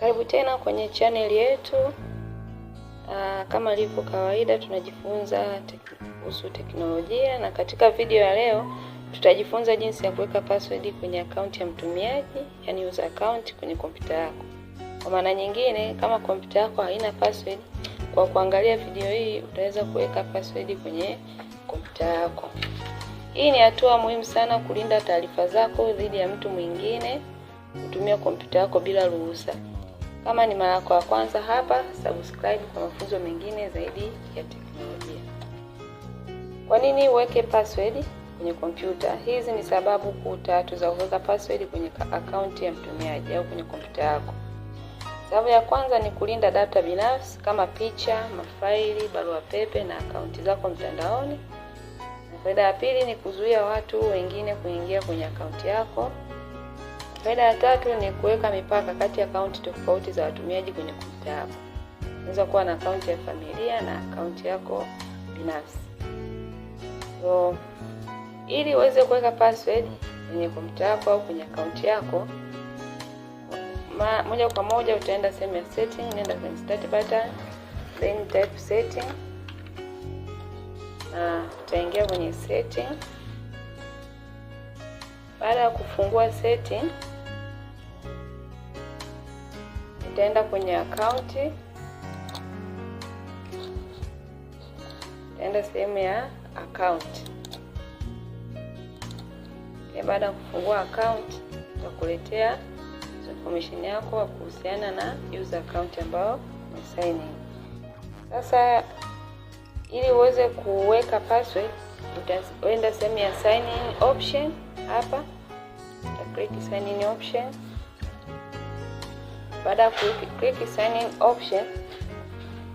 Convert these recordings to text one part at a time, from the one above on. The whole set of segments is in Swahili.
Karibu tena kwenye channel yetu. Aa, ah, kama ilivyo kawaida tunajifunza kuhusu teknolojia, na katika video ya leo tutajifunza jinsi ya kuweka password kwenye akaunti ya mtumiaji, yani user account kwenye kompyuta yako. Kwa maana nyingine, kama kompyuta yako haina password, kwa kuangalia video hii utaweza kuweka password kwenye kompyuta yako. Hii ni hatua muhimu sana kulinda taarifa zako dhidi ya mtu mwingine kutumia kompyuta yako bila ruhusa. Kama ni mara yako ya kwanza hapa, subscribe kwa mafunzo mengine zaidi ya teknolojia. Kwa nini uweke password kwenye kompyuta? Hizi ni sababu kuu tatu za kuweka password kwenye akaunti ya mtumiaji au kwenye kompyuta yako. Sababu ya kwanza ni kulinda data binafsi kama picha, mafaili, barua pepe na akaunti zako mtandaoni. Na faida ya pili ni kuzuia watu wengine kuingia kwenye akaunti yako. Faida ya tatu ni kuweka mipaka kati ya akaunti tofauti za watumiaji kwenye kompyuta yako. Unaweza kuwa na akaunti ya familia na akaunti yako binafsi. So, ili uweze kuweka password kwenye kompyuta yako au kwenye akaunti yako moja kwa moja utaenda sehemu ya setting, nenda kwenye start button, then type setting na utaingia kwenye setting. Baada ya kufungua setting nitaenda kwenye akaunti, nitaenda sehemu ya akaunti. Baada ya kufungua akaunti, nitakuletea information yako kuhusiana na user account ambayo sign in. Sasa ili uweze kuweka password, utaenda sehemu ya sign in option hapa, click sign in option baada ya click sign in option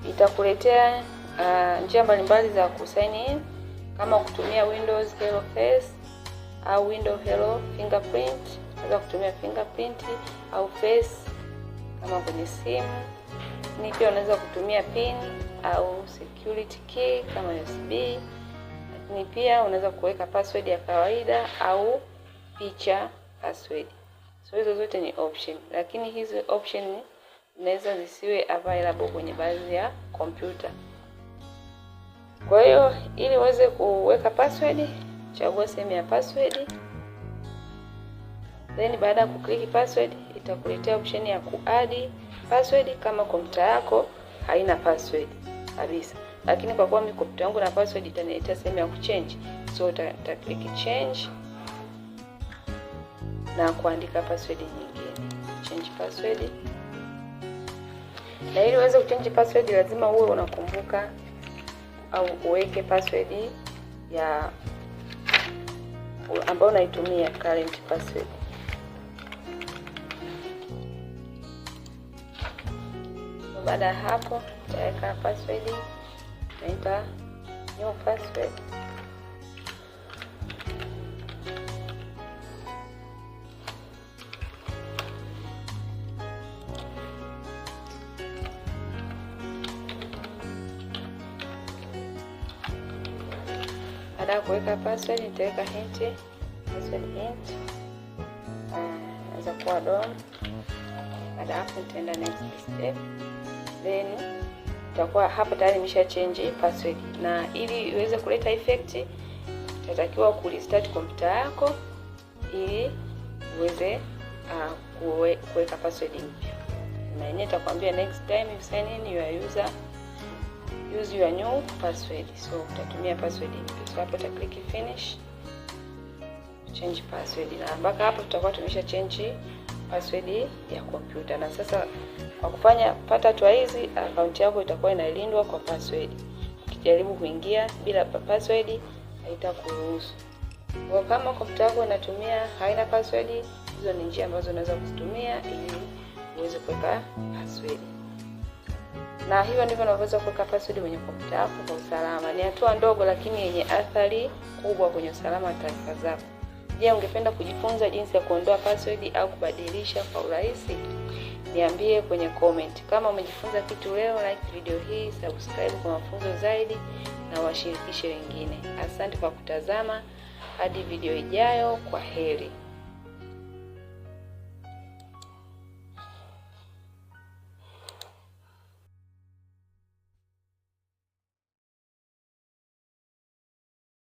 itakuletea uh, njia mbalimbali za kusign in kama kutumia Windows Hello Face au Windows Hello Fingerprint. Unaweza kutumia fingerprint au face kama kwenye simu ni pia unaweza kutumia pin au security key kama USB. Ni pia unaweza kuweka password ya kawaida au picha password. So hizo zote ni option, lakini hizi option zinaweza zisiwe available kwenye baadhi ya kompyuta. Kwa hiyo ili uweze kuweka password, chagua sehemu ya password, then baada ya kukliki password itakuletea option ya kuadi password kama kompyuta yako haina password kabisa, lakini kwa kuwa mimi kompyuta yangu na password itaniletea sehemu ya kuchange, so uta click change na kuandika password nyingine, change password. Na ili uweze kuchange password, lazima uwe unakumbuka au uweke password ya ambayo unaitumia current password. Baada ya hapo, utaweka password naita new password. Nataka kuweka password, nitaweka hint password hint, ah, naweza kuwa dom. Baada hapo nitaenda next step, then itakuwa hapo tayari nimesha change password, na ili iweze kuleta effect utatakiwa ku restart kompyuta yako ili uweze uh, kuweka password mpya, na yenyewe itakwambia next time you sign in your user use your new password. So utatumia password mpya. So hapo uta finish change password, na mpaka hapo tutakuwa tumesha change password ya kompyuta. Na sasa kwa kufanya pata hatua hizi, akaunti yako itakuwa inalindwa kwa password. Ukijaribu kuingia bila password haitakuruhusu. Kwa kama kompyuta yako inatumia haina password, hizo ni njia ambazo unaweza kuzitumia ili uweze kuweka password na hivyo ndivyo unavyoweza kuweka password kwenye kompyuta yako kwa usalama. Ni hatua ndogo lakini yenye athari kubwa kwenye usalama wa taarifa zako. Je, ungependa kujifunza jinsi ya kuondoa password au kubadilisha kwa urahisi? Niambie kwenye comment. Kama umejifunza kitu leo, like video hii, subscribe kwa mafunzo zaidi na washirikishe wengine. Asante kwa kutazama. Hadi video ijayo, kwa heri.